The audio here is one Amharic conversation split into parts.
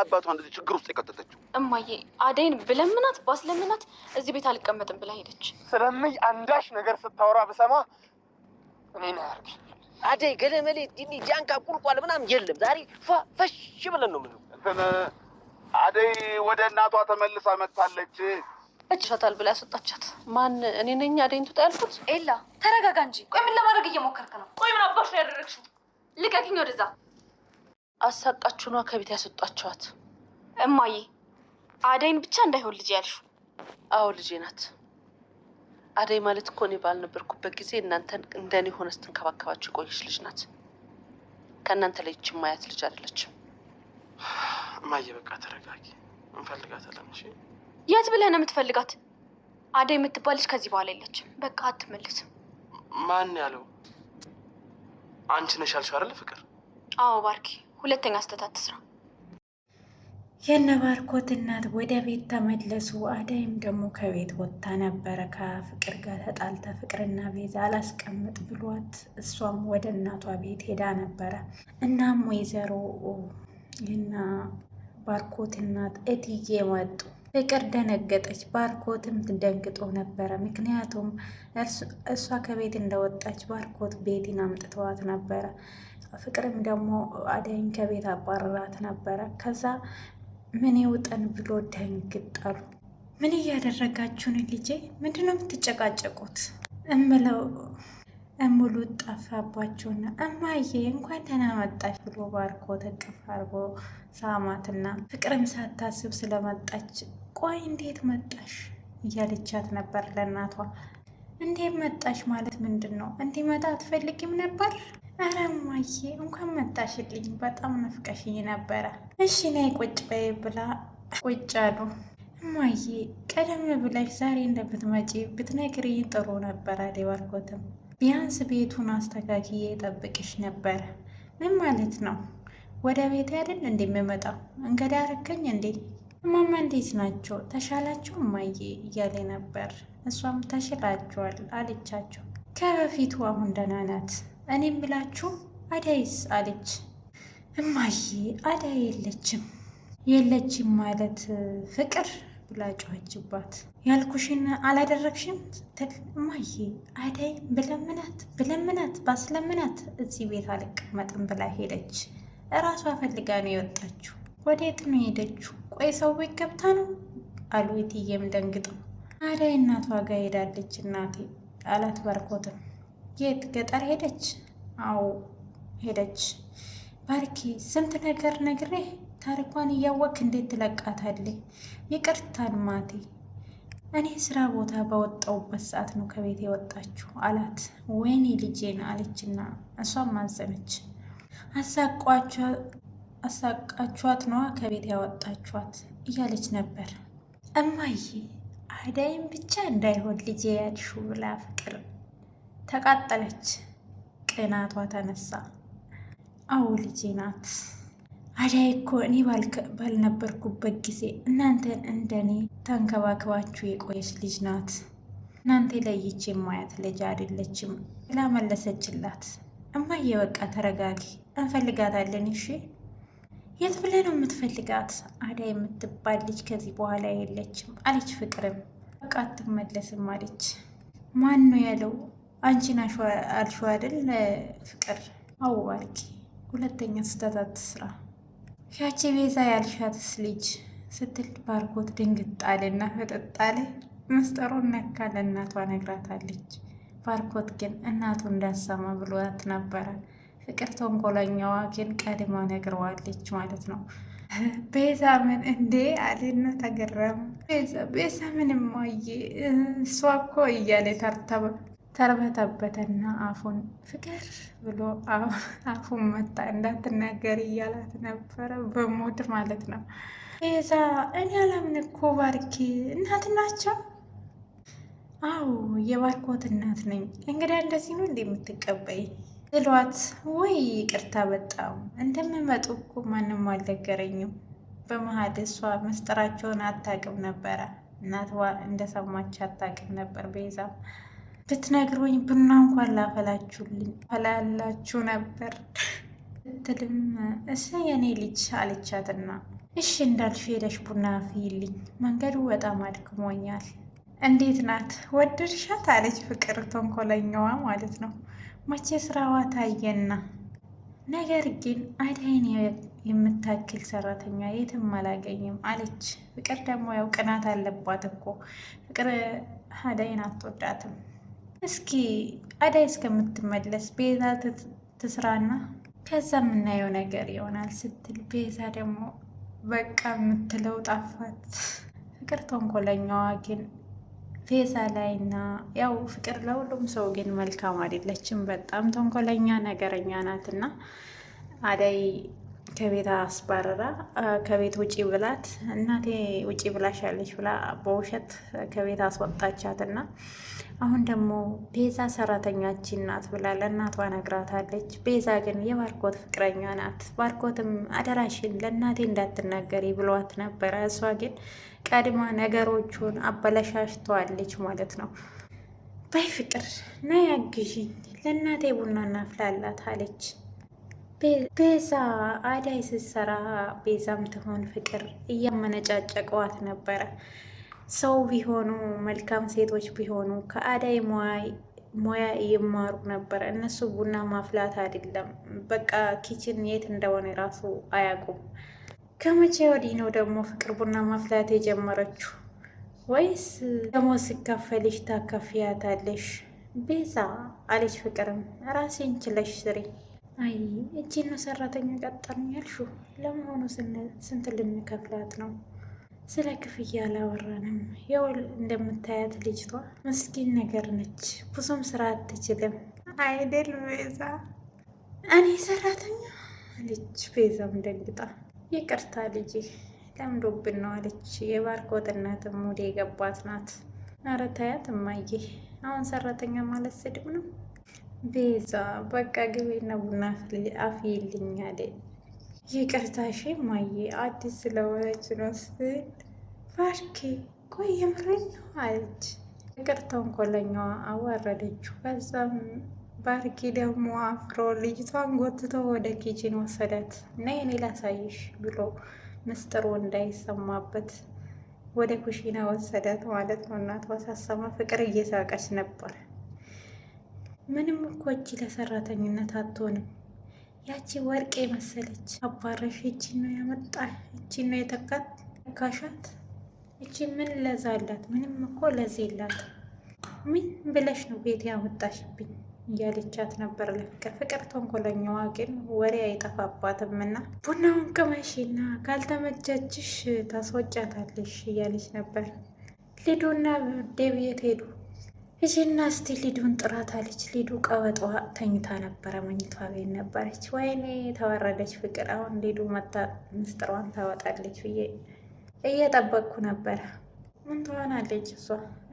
አባቷ እንደዚህ ችግር ውስጥ የከተተችው እማዬ አደይን ብለምናት ባስለምናት እዚህ ቤት አልቀመጥም ብላ ሄደች። ስለምይ አንዳሽ ነገር ስታወራ ብሰማ እኔ ነው ያርግ አደይ ገለመሌ ዲኒ ጃንካ ቁልቋል ምናምን የለም። ዛሬ ፈሽ ብለን ነው ምንም እንትን አደይ ወደ እናቷ ተመልሳ መጥታለች። እችሻታል ብላ ያስወጣቻት ማን? እኔ ነኝ አደይን ትውጣ ያልኩት። ኤላ ተረጋጋ እንጂ። ቆይ ምን ለማድረግ እየሞከርክ ነው? ቆይ ምን አባሽ ነው ያደረግሽው? ልቀቅኝ ወደዛ አሳቃችሁ ነዋ ከቤት ያስወጣችኋት። እማዬ አደይን ብቻ እንዳይሆን ልጅ ያልሹ። አዎ ልጄ ናት። አደይ ማለት እኮ እኔ ባልነበርኩበት ጊዜ እናንተን እንደኔ ሆነ ስትንከባከባችሁ የቆየች ልጅ ናት። ከእናንተ ለይች ማያት ልጅ አይደለችም። እማዬ በቃ ተረጋጊ፣ እንፈልጋታለን። እሺ የት ብለህ ነው የምትፈልጋት? አደይ የምትባል ልጅ ከዚህ በኋላ የለችም። በቃ አትመልስም። ማን ያለው? አንቺ ነሽ ያልሽው አይደለ ፍቅር? አዎ ባርኪ ሁለተኛ ስህተት አትስራ። የነ ባርኮት እናት ወደ ቤት ተመለሱ። አደይም ደግሞ ከቤት ወጥታ ነበረ ከፍቅር ጋር ተጣልተ ፍቅርና ቤዛ አላስቀምጥ ብሏት እሷም ወደ እናቷ ቤት ሄዳ ነበረ። እናም ወይዘሮ ይና ባርኮት እናት እትዬ መጡ። ፍቅር ደነገጠች። ባርኮትም ደንግጦ ነበረ። ምክንያቱም እሷ ከቤት እንደወጣች ባርኮት ቤቲን አምጥተዋት ነበረ። ፍቅርም ደግሞ አደይን ከቤት አባረራት ነበረ። ከዛ ምን ውጠን ብሎ ደንግጥ ምን እያደረጋችሁን ልጄ? ምንድነው የምትጨቃጨቁት? እምለው እሙሉ ጠፋባችሁና፣ እማዬ እንኳን ደህና መጣች ብሎ ባርኮ እቅፍ ሳማትና ፍቅርም ሳታስብ ስለመጣች ቆይ እንዴት መጣሽ እያለቻት ነበር ለእናቷ። እንዴት መጣሽ ማለት ምንድን ነው? እንዲመጣ አትፈልጊም ነበር? አረ እማዬ እንኳን መጣሽልኝ፣ በጣም ናፍቀሽኝ ነበረ። እሺ ነይ ቁጭ በይ ብላ ቁጭ አሉ። እማዬ ቀደም ብለሽ ዛሬ እንደምትመጪ ብትነግሪኝ ጥሩ ነበረ። ሊባርኮትም ቢያንስ ቤቱን አስተካክዬ ጠብቅሽ ነበረ። ምን ማለት ነው? ወደ ቤት አይደል እንደሚመጣው እንገዳ አረከኝ እንዴ? እማማ እንዴት ናቸው? ተሻላቸው እማዬ እያለ ነበር። እሷም ተሽላቸዋል አለቻቸው። ከበፊቱ አሁን ደህና ናት። እኔ የምላችሁ አዳይስ አለች። እማዬ አዳይ የለችም። የለችም ማለት ፍቅር ብላ ጮኸችባት። ያልኩሽን አላደረግሽም ስትል እማዬ አዳይ ብለምናት ብለምናት ባስለምናት እዚህ ቤት አልቀመጥም ብላ ሄደች። እራሷ ፈልጋ ነው የወጣችው። ወዴት ነው ሄደችው? ቆይ ሰው ቤት ገብታ ነው አሉ እትዬም ደንግጠው። አዳይ እናቷ ጋር ሄዳለች እናቴ አላት ባርኮትም የት ገጠር ሄደች? አዎ ሄደች። ባርኪ ስንት ነገር ነግሬ ታሪኳን እያወቅ እንዴት ትለቃታለህ? ይቅርታን ማቴ እኔ ስራ ቦታ በወጣውበት ሰዓት ነው ከቤት የወጣችሁ አላት። ወይኔ ልጄን አለችና እሷም አዘነች! አሳቃችኋት ነዋ ከቤት ያወጣችኋት እያለች ነበር። እማዬ አዳይም ብቻ እንዳይሆን ልጄ ያልሹ ብላ ፍቅር ተቃጠለች። ቅናቷ ተነሳ። አዎ ልጄ ናት። አዳይ እኮ እኔ ባልነበርኩበት ጊዜ እናንተን እንደኔ ተንከባክባችሁ የቆየች ልጅ ናት። እናንተ ለይች የማያት ልጅ አይደለችም ብላ መለሰችላት። እማዬ በቃ ተረጋጊ፣ እንፈልጋታለን። እሺ የት ብለህ ነው የምትፈልጋት? አዳይ የምትባል ልጅ ከዚህ በኋላ የለችም አለች። ፍቅርም በቃ አትመለስም አለች። ማን ነው ያለው? አንቺን አልሽው አይደል ፍቅር አዋቂ ሁለተኛ ስህተት አትስራ ሻቼ ቤዛ ያልሻትስ ልጅ ስትል ባርኮት ድንግጥ አለና ፈጠጥ አለ። ምስጢሩን ነካ ለእናቷ ነግራታለች። ባርኮት ግን እናቱ እንዳሰማ ብሏት ነበረ። ፍቅር ተንኮለኛዋ ግን ቀድማ ነግረዋለች ማለት ነው። ቤዛ ምን እንዴ አለና ተገረሙ። ቤዛ ምንም ማየ እሷ እኮ እያለ ተርተበ ተርበተበተና አፉን ፍቅር ብሎ አፉን መታ። እንዳትናገር እያላት ነበረ በሞድ ማለት ነው። ቤዛ እኔ አላምን እኮ ባርኪ እናት ናቸው። አዎ የባርኮት እናት ነኝ። እንግዲህ እንደዚህ ነው እንደ የምትቀበይ እሏት። ወይ ይቅርታ፣ በጣም እንደምመጡ እኮ ማንም አልነገረኝም። በመሀል እሷ መስጠራቸውን አታውቅም ነበረ። እናትዋ እንደሰማች አታውቅም ነበር ቤዛም ብትነግሩኝ ቡና እንኳን ላፈላችሁልኝ ፈላላችሁ ነበር ብትልም እሰ የኔ ልጅ አለቻትና እሺ እንዳልሽ ሄደሽ ቡና ፍይልኝ፣ መንገዱ በጣም አድክሞኛል። እንዴት ናት ወደድሻት? አለች ፍቅር ተንኮለኛዋ ማለት ነው። መቼ ስራዋ ታየና ነገር ግን አዳይን የምታክል ሰራተኛ የትም አላገኝም አለች ፍቅር። ደግሞ ያው ቅናት አለባት እኮ ፍቅር አዳይን አትወዳትም። እስኪ አዳይ እስከምትመለስ ቤዛ ትስራና ከዛ የምናየው ነገር ይሆናል ስትል ቤዛ ደግሞ በቃ የምትለው ጣፋት። ፍቅር ተንኮለኛዋ ግን ቤዛ ላይ ያው ፍቅር ለሁሉም ሰው ግን መልካም አይደለችም። በጣም ተንኮለኛ ነገረኛ ናት እና ከቤት አስባረራ ከቤት ውጪ ብላት እናቴ ውጪ ብላሻለች ብላ በውሸት ከቤት አስወጣቻትና አሁን ደግሞ ቤዛ ሰራተኛችን ናት ብላ ለእናቷ ነግራታለች። ቤዛ ግን የባርኮት ፍቅረኛ ናት። ባርኮትም አደራሽን ለእናቴ እንዳትናገሪ ብሏት ነበረ። እሷ ግን ቀድማ ነገሮቹን አበለሻሽተዋለች ማለት ነው። ባይ ፍቅር ና ያግዢኝ ለእናቴ ቡና እናፍላላት አለች። ቤዛ አዳይ ስትሰራ ቤዛም ትሆን ፍቅር እያመነጫጨቀዋት ነበረ። ሰው ቢሆኑ መልካም ሴቶች ቢሆኑ ከአዳይ ሙያ እየማሩ ነበረ። እነሱ ቡና ማፍላት አይደለም፣ በቃ ኪችን የት እንደሆነ ራሱ አያውቁም። ከመቼ ወዲህ ነው ደግሞ ፍቅር ቡና ማፍላት የጀመረችው? ወይስ ደግሞ ስካፈልሽ ታከፍያታለሽ ቤዛ አለች። ፍቅርም ራሴን ችለሽ ስሪ አይ እቺን ነው ሰራተኛ ቀጠርን ያልሽው? ለመሆኑ ስንት ልንከፍላት ነው? ስለ ክፍያ አላወራንም። የውል እንደምታያት ልጅቷ ምስኪን ነገር ነች፣ ብዙም ስራ አትችልም አይደል ቤዛ? እኔ ሰራተኛ አለች። ቤዛም ደንግጣ ይቅርታ ልጅ ለምዶብን ነው አለች። የባርኮት እናትም የገባት ናት። ኧረ ተያት እማዬ፣ አሁን ሰራተኛ ማለት ስድብ ነው ቤዛ በቃ ግቤና ቡና አፍይልኝ አለ። ይቅርታ እሺ አዲስ ስለሆነች ነው ስትል ባርኬ ቆይ የምሬን ነው አለች። ይቅርታውን ኮለኛዋ አዋረደችው። በዛም ባርኪ ደግሞ አፍሮ ልጅቷን ጎትቶ ወደ ኪችን ወሰዳት እና የኔ ላሳይሽ ብሎ ምስጢሩ እንዳይሰማበት ወደ ኩሽና ወሰዳት ማለት ነው። እናቷ ሳሰማ ፍቅር እየሳቀች ነበር። ምንም እኮ እቺ ለሰራተኝነት አትሆንም። ያቺ ወርቅ የመሰለች አባረሽ። እቺ ነው ያመጣ፣ እቺ ነው የተካት ካሻት። እቺ ምን ለዛ አላት? ምንም እኮ ለዚህ የላት። ምን ብለሽ ነው ቤት ያመጣሽብኝ? እያለቻት ነበር ለፍቅር። ፍቅር ተንኮለኛዋ ግን ወሬ አይጠፋባትም እና ቡናውን ቅመሽና ካልተመቻችሽ ታስወጫታለሽ እያለች ነበር። ሊዱና ዴብ የት ሄዱ? እጅና እስቲ ሊዱን ጥራት አለች። ሊዱ ቀበጧ ተኝታ ነበረ፣ መኝቷ ቤት ነበረች። ወይኔ ተዋረደች ፍቅር። አሁን ሊዱ መታ ምስጢሯን ታወጣለች ብዬ እየጠበቅኩ ነበረ። ምን ትሆናለች እሷ?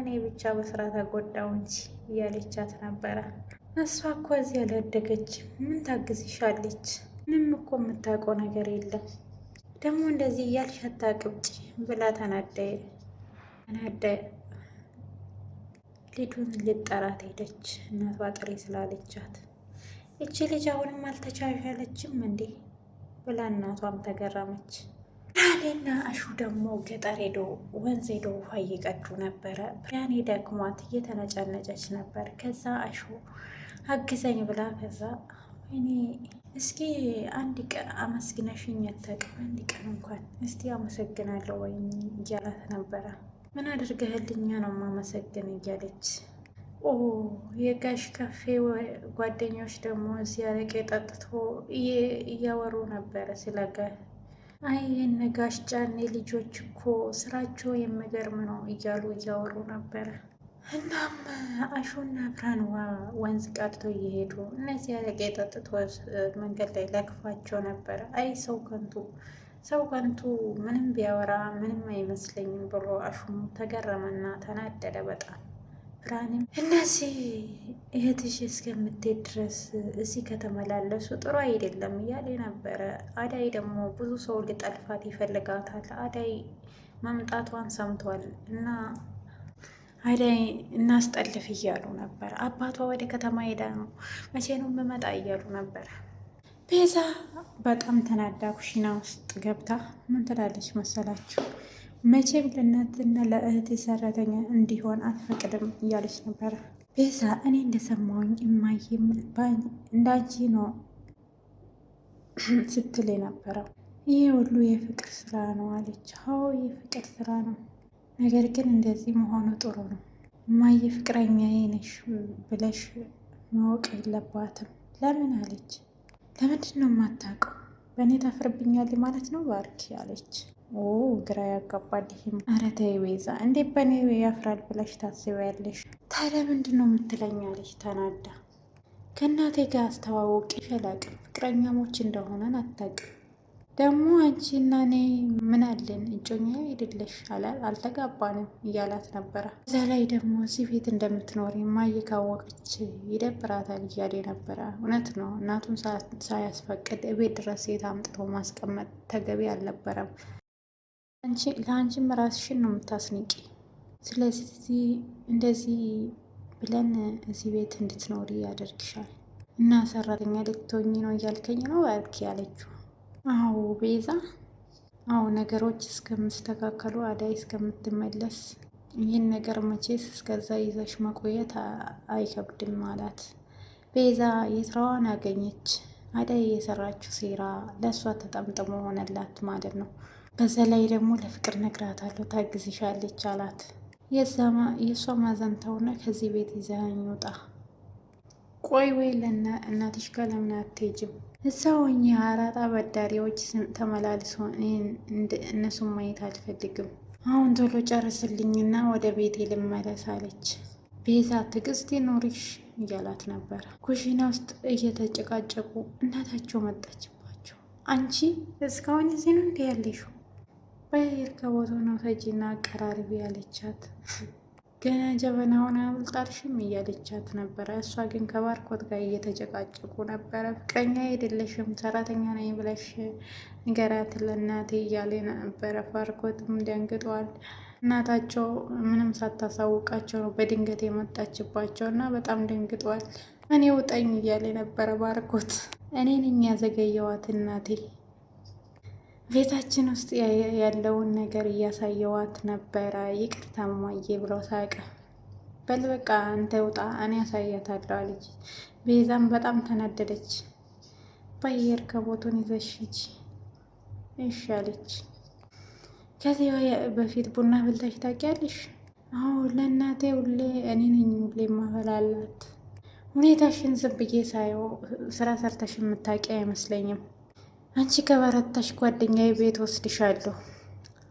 እኔ ብቻ በስራ ተጎዳው እንጂ እያለቻት ነበረ። እሷ እኮ እዚህ ያላደገች ምን ታግዝሻለች? ምንም እኮ የምታውቀው ነገር የለም። ደግሞ እንደዚህ እያልሽ አታቅብጭ ብላ ተናደየ ተናደየ ልጁን ልጠራት ሄደች። እናቷ ጥሬ ስላለቻት እቺ ልጅ አሁንም አልተቻሻለችም እንዴ ብላ እናቷም ተገረመች። ዳኔና አሹ ደግሞ ገጠር ሄዶ ወንዝ ሄዶ ውሃ እየቀዱ ነበረ። ያኔ ደክሟት እየተነጨነጨች ነበር። ከዛ አሹ አግዘኝ ብላ ከዛ እኔ እስኪ አንድ ቀን አመስግነሽኝ አታውቅም? አንድ ቀን እንኳን እስቲ አመሰግናለሁ ወይም እያላት ነበረ ምን አድርገህልኛ ነው ማመሰግን እያለች የጋሽ ካፌ ጓደኞች ደግሞ ሲያረቄ ጠጥቶ እያወሩ ነበረ ስለጋ አይ የነ ጋሽ ጫኔ ልጆች እኮ ስራቸው የሚገርም ነው እያሉ እያወሩ ነበረ። እናም አሹና ብርሃንዋ ወንዝ ቀርቶ እየሄዱ እነዚህ ያረቄ ጠጥቶ መንገድ ላይ ለክፋቸው ነበረ። አይ ሰው ከንቱ ሰው ከንቱ ምንም ቢያወራ ምንም አይመስለኝም ብሎ አሹሙ ተገረመና ተናደደ በጣም። ብርሃንም እነዚህ እህትሽ እስከምትሄድ ድረስ እዚህ ከተመላለሱ ጥሩ አይደለም እያለ ነበረ። አዳይ ደግሞ ብዙ ሰው ሊጠልፋት ይፈልጋታል። አዳይ መምጣቷን ሰምቷል እና አዳይ እናስጠልፍ እያሉ ነበር። አባቷ ወደ ከተማ ሄዳ ነው መቼ ነው የምመጣ እያሉ ነበር። ቤዛ በጣም ተናዳ ኩሽና ውስጥ ገብታ ምን ትላለች መሰላችሁ? መቼም ለእናትና ለእህቴ ሰራተኛ እንዲሆን አልፈቅድም እያለች ነበረ። ቤዛ እኔ እንደሰማውኝ እማዬም እንዳንቺ ነው ስትል የነበረው ይህ ሁሉ የፍቅር ስራ ነው አለች። አዎ የፍቅር ስራ ነው፣ ነገር ግን እንደዚህ መሆኑ ጥሩ ነው። እማዬ ፍቅረኛዬ ነሽ ብለሽ ማወቅ የለባትም ለምን አለች ለምንድን ነው የማታውቀው? በእኔ ታፍርብኛል ማለት ነው ባርኪ አለች። ኦ ግራ ያጋባል። ይህም ኧረ ተይ ቤዛ፣ እንዴት በእኔ ያፍራል ብለሽ ታስቢያለሽ? ታዲያ ምንድን ነው የምትለኝ? አለች ተናዳ። ከእናቴ ጋር አስተዋወቂ አላውቅም። ፍቅረኛሞች እንደሆነን አታውቅም ደግሞ እና እኔ ምን አለን እጮኛ አይደለሽ አልተጋባንም እያላት ነበረ። እዛ ላይ ደግሞ እዚህ ቤት እንደምትኖር እማዬ ካወቀች ይደብራታል እያለ ነበረ። እውነት ነው እናቱን ሳያስፈቅድ እቤት ድረስ ሴት አምጥቶ ማስቀመጥ ተገቢ አልነበረም። ለአንቺም ራስሽን ነው የምታስንቂ። ስለዚህ እንደዚህ ብለን እዚህ ቤት እንድትኖሪ ያደርግሻል እና ሰራተኛ ልትሆኚ ነው እያልከኝ ነው ያልክ ያለችው አዎ ቤዛ፣ አዎ ነገሮች እስከሚስተካከሉ አዳይ እስከምትመለስ ይህን ነገር መቼስ እስከዛ ይዘሽ መቆየት አይከብድም አላት። ቤዛ የስራዋን አገኘች። አዳይ የሰራችው ሴራ ለእሷ ተጠምጥሞ ሆነላት ማለት ነው። በዛ ላይ ደግሞ ለፍቅር ነግራታለሁ ታግዝሻለች አላት። የእሷ ማዘንተውነ ከዚህ ቤት ይዘኸኝ ውጣ። ቆይ ወይ ለእናትሽ ጋር ለምን አትሄጂም? እዛው እኛ አራጣ አበዳሪዎች ተመላልሶ እነሱን ማየት አልፈልግም። አሁን ቶሎ ጨርስልኝና ወደ ቤቴ ልመለስ አለች ቤዛ። ትዕግስት ኖሪሽ እያላት ነበረ። ኩሽና ውስጥ እየተጨቃጨቁ እናታቸው መጣችባቸው። አንቺ እስካሁን እዚህ ነው እንዲ ያለሹ በይርከቦቶ ነው ተጂና አቀራርቢ ያለቻት ገና ጀበናውን አልጣልሽም እያለቻት ነበረ። እሷ ግን ከባርኮት ጋር እየተጨቃጨቁ ነበረ። ፍቅረኛ አይደለሽም ሰራተኛ ነኝ ብለሽ ንገራት ለእናቴ እያለ ነበረ። ባርኮትም ደንግጧል። እናታቸው ምንም ሳታሳውቃቸው ነው በድንገት የመጣችባቸው እና በጣም ደንግጧል። እኔ ውጠኝ እያለ ነበረ ባርኮት። እኔን የሚያዘገየዋት እናቴ ቤታችን ውስጥ ያለውን ነገር እያሳየዋት ነበረ። ይቅርታ እማዬ ብሎ ሳቀ። በል በቃ አንተ ውጣ፣ እኔ ያሳያታለሁ አለች። ቤዛም በጣም ተናደደች። በአየር ከቦቱን ይዘሽች እሺ አለች። ከዚህ በፊት ቡና ብልተሽ ታውቂያለሽ? አዎ ለእናቴ ሁሌ እኔ ነኝ ሁሌ ማፈላለት ሁኔታሽን ዝም ብዬ ሳየው ስራ ሰርተሽ የምታውቂ አይመስለኝም አንቺ ከበረታሽ ጓደኛዬ ቤት ወስድሻለሁ።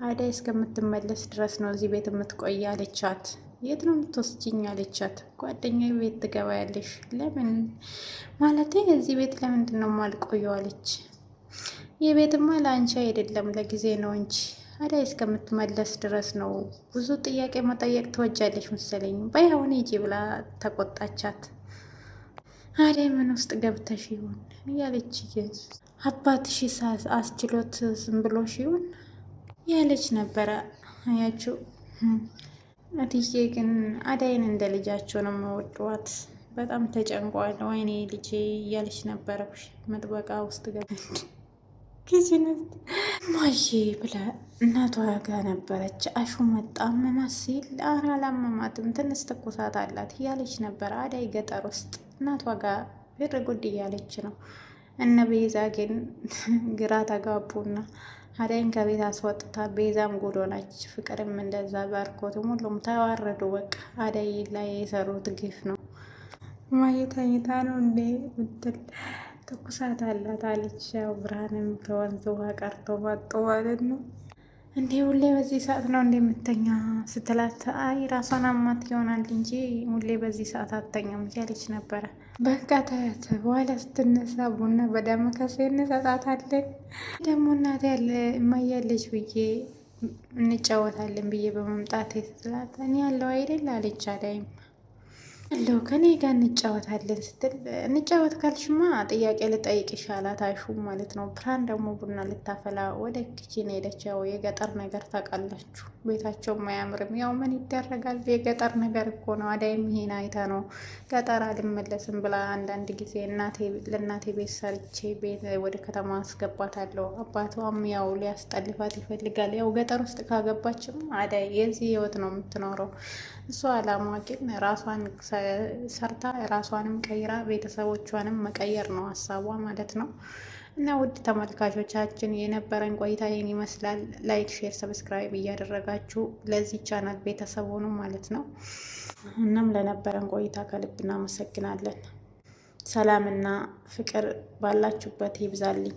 አዳይ እስከምትመለስ ድረስ ነው እዚህ ቤት የምትቆይ አለቻት። የት ነው የምትወስጂኝ አለቻት። ጓደኛዬ ቤት ትገባያለሽ። ለምን ማለት እዚህ ቤት ለምንድን ነው የማልቆየው አለች። የቤትማ ለአንቺ አይደለም ለጊዜ ነው እንጂ አዳይ እስከምትመለስ ድረስ ነው። ብዙ ጥያቄ መጠየቅ ትወጃለሽ መሰለኝ። ባይሆን ሂጂ ብላ ተቆጣቻት። አደይ ምን ውስጥ ገብተሽ ይሆን እያለች አባትሽ አስችሎት ዝም ብሎ ሲሆን ያለች ነበረ። አያችሁ እትዬ ግን አዳይን እንደ ልጃቸው ነው መወድዋት። በጣም ተጨንቋል። ወይኔ ልጄ እያለች ነበረ መጥበቃ ውስጥ ገ ጊዜነት ማዬ ብላ እናቷ ጋ ነበረች። አሹ መጣ አመማት ሲል ኧረ አላመማትም ትንሽ ትኩሳት አላት እያለች ነበረ። አዳይ ገጠር ውስጥ እናቷ ጋ ጉድ እያለች ነው እነ ቤዛ ግን ግራ ተጋቡና አደይን ከቤት አስወጥታ ቤዛም ጉድ ፍቅርም እንደዛ ባርኮትም ሁሉም ተዋረዱ። በቃ አደይ ላይ የሰሩት ግፍ ነው። ማየተኝታ ነው እንዴ ምትል ትኩሳት አላት አለች። ያው ብርሃንም ከወንዝ ውሃ ቀርቶ መጡ ማለት ነው። እንዴ ሁሌ በዚህ ሰዓት ነው እንዴ የምተኛ ስትላት፣ አይ ራሷን አማት ይሆናል እንጂ ሁሌ በዚህ ሰዓት አተኛም እያለች ነበረ። በቃ ተያት። በኋላ ስትነሳ ቡና በዳም ከሴ እንሰጣታለን። ደግሞ እናት ያለ እማያለች ብዬ እንጫወታለን ብዬ በመምጣት ስላት እኔ ያለው አይደል አለች። አላይም አለው ከኔ ጋር እንጫወታለን ስትል እንጫወት ካልሽማ ጥያቄ ልጠይቅሽ አላት። አሹ ማለት ነው። ብርሃን ደግሞ ቡና ልታፈላ ወደ ኪችን ሄደች። ያው የገጠር ነገር ታውቃላችሁ። ቤታቸውም አያምርም። ያው ምን ይደረጋል የገጠር ነገር እኮ ነው። አዳይም ይሄን አይተ ነው ገጠር አልመለስም ብላ አንዳንድ ጊዜ ለእናቴ ቤት ሰርቼ ቤት ወደ ከተማ አስገባታለሁ። አባቷም ያው ሊያስጠልፋት ይፈልጋል። ያው ገጠር ውስጥ ካገባችም አዳይ የዚህ ህይወት ነው የምትኖረው። እሷ አላማ ግን ራሷን ሰርታ ራሷንም ቀይራ ቤተሰቦቿንም መቀየር ነው ሀሳቧ ማለት ነው። እና ውድ ተመልካቾቻችን የነበረን ቆይታ ይህን ይመስላል። ላይክ፣ ሼር፣ ሰብስክራይብ እያደረጋችሁ ለዚህ ቻናል ቤተሰብ ሆኑ ማለት ነው። እናም ለነበረን ቆይታ ከልብ እናመሰግናለን። ሰላምና ፍቅር ባላችሁበት ይብዛልኝ።